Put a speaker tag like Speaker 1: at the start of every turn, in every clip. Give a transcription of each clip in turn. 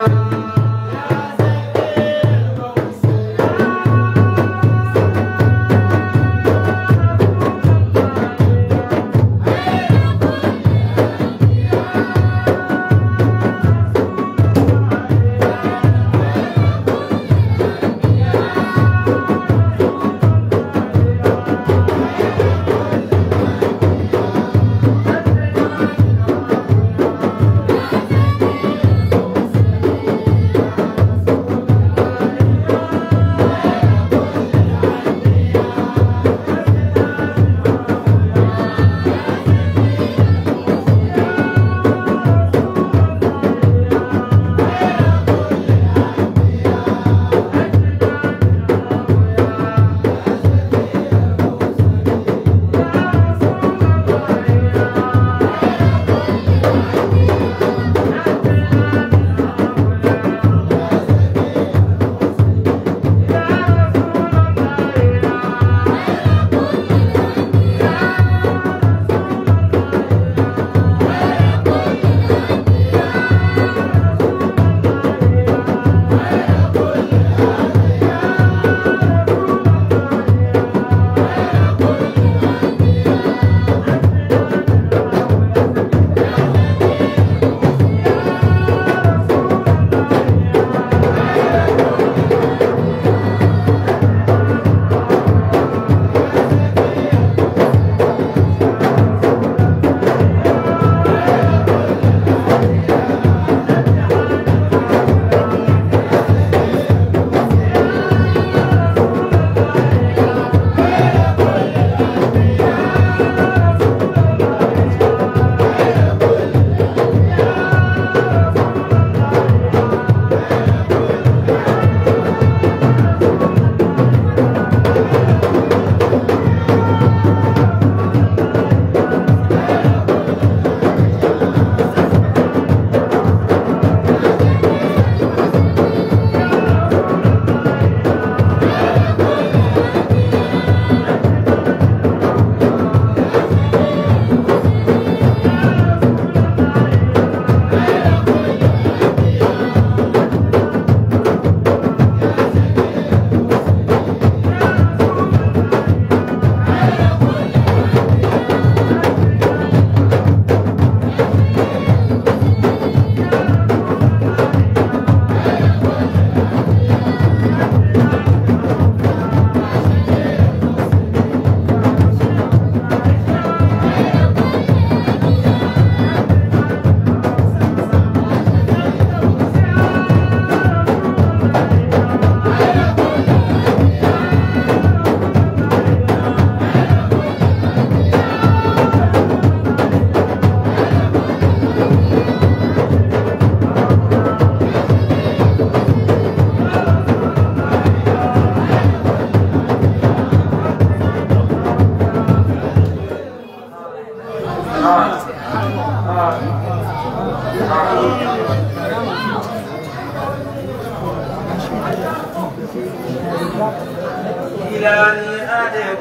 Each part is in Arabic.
Speaker 1: Thank you.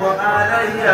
Speaker 1: عليّ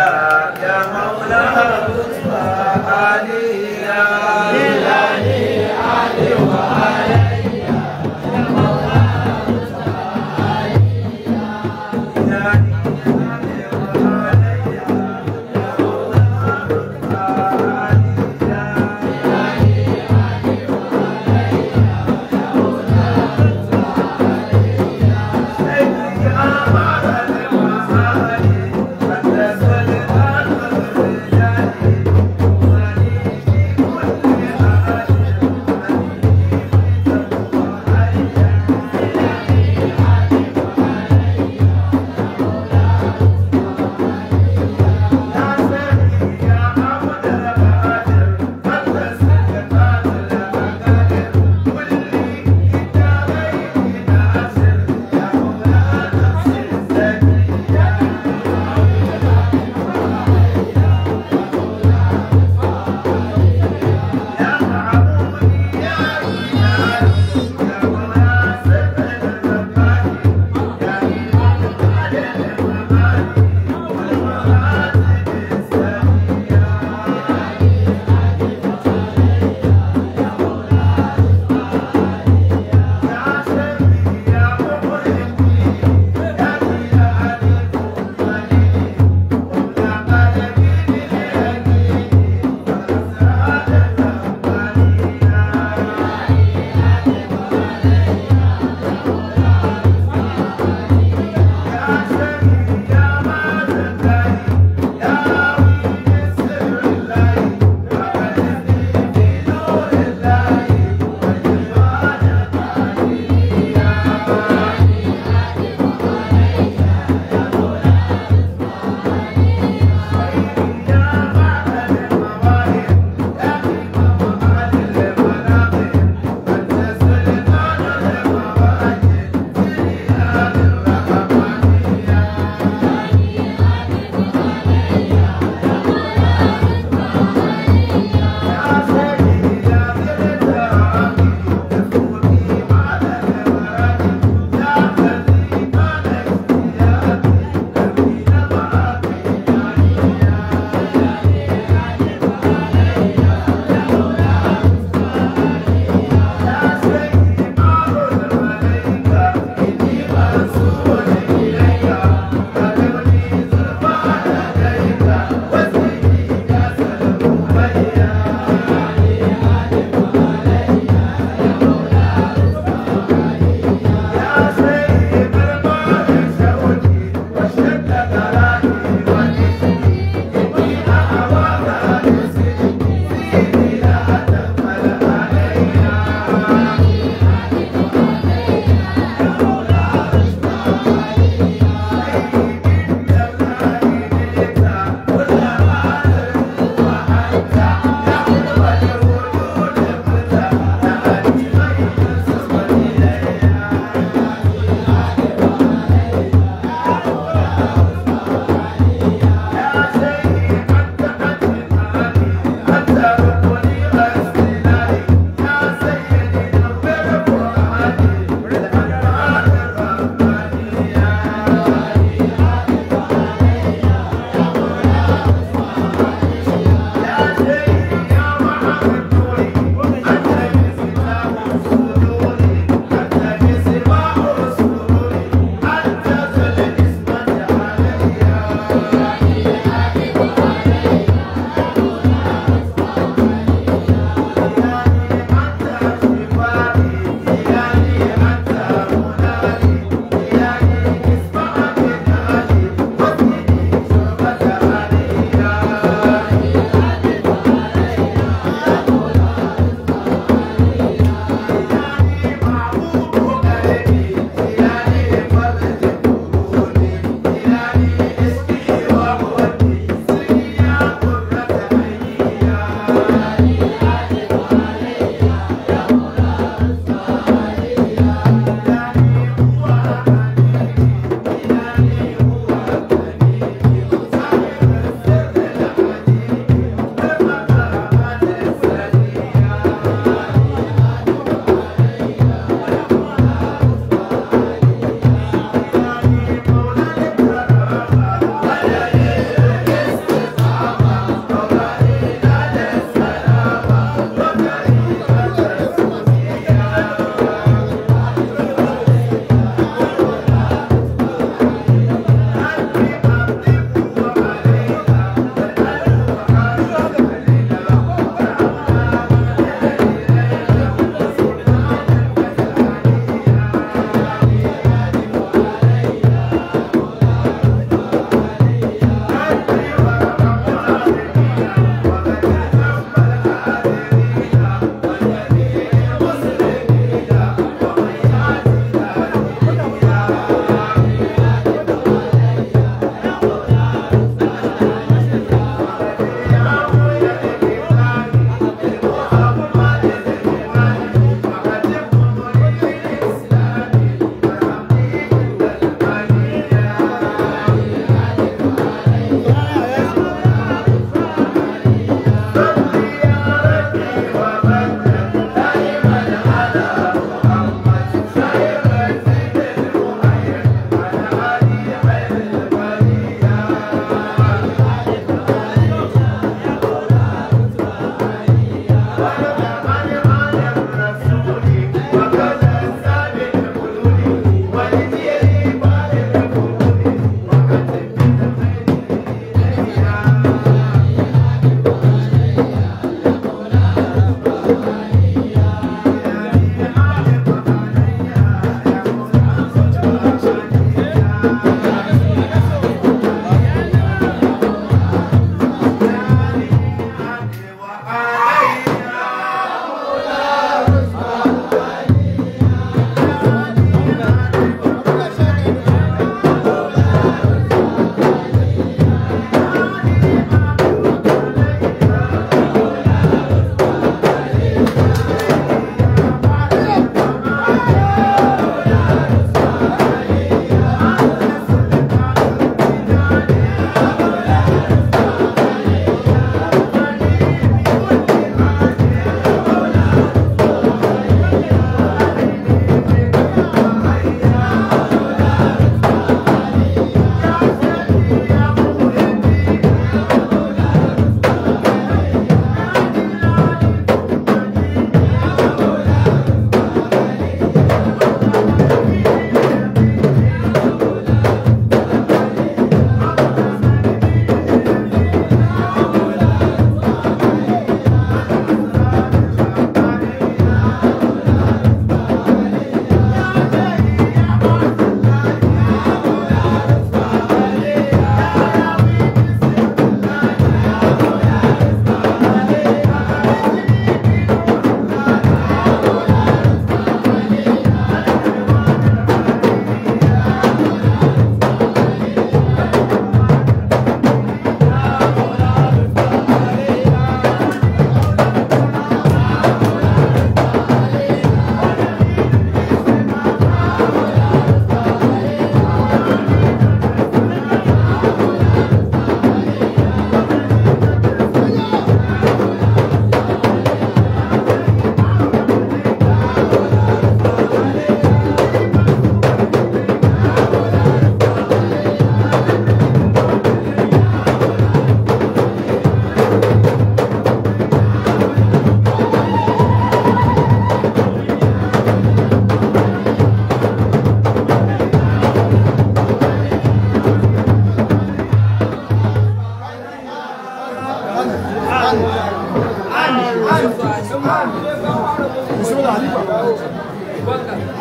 Speaker 1: Quanto,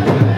Speaker 1: Thank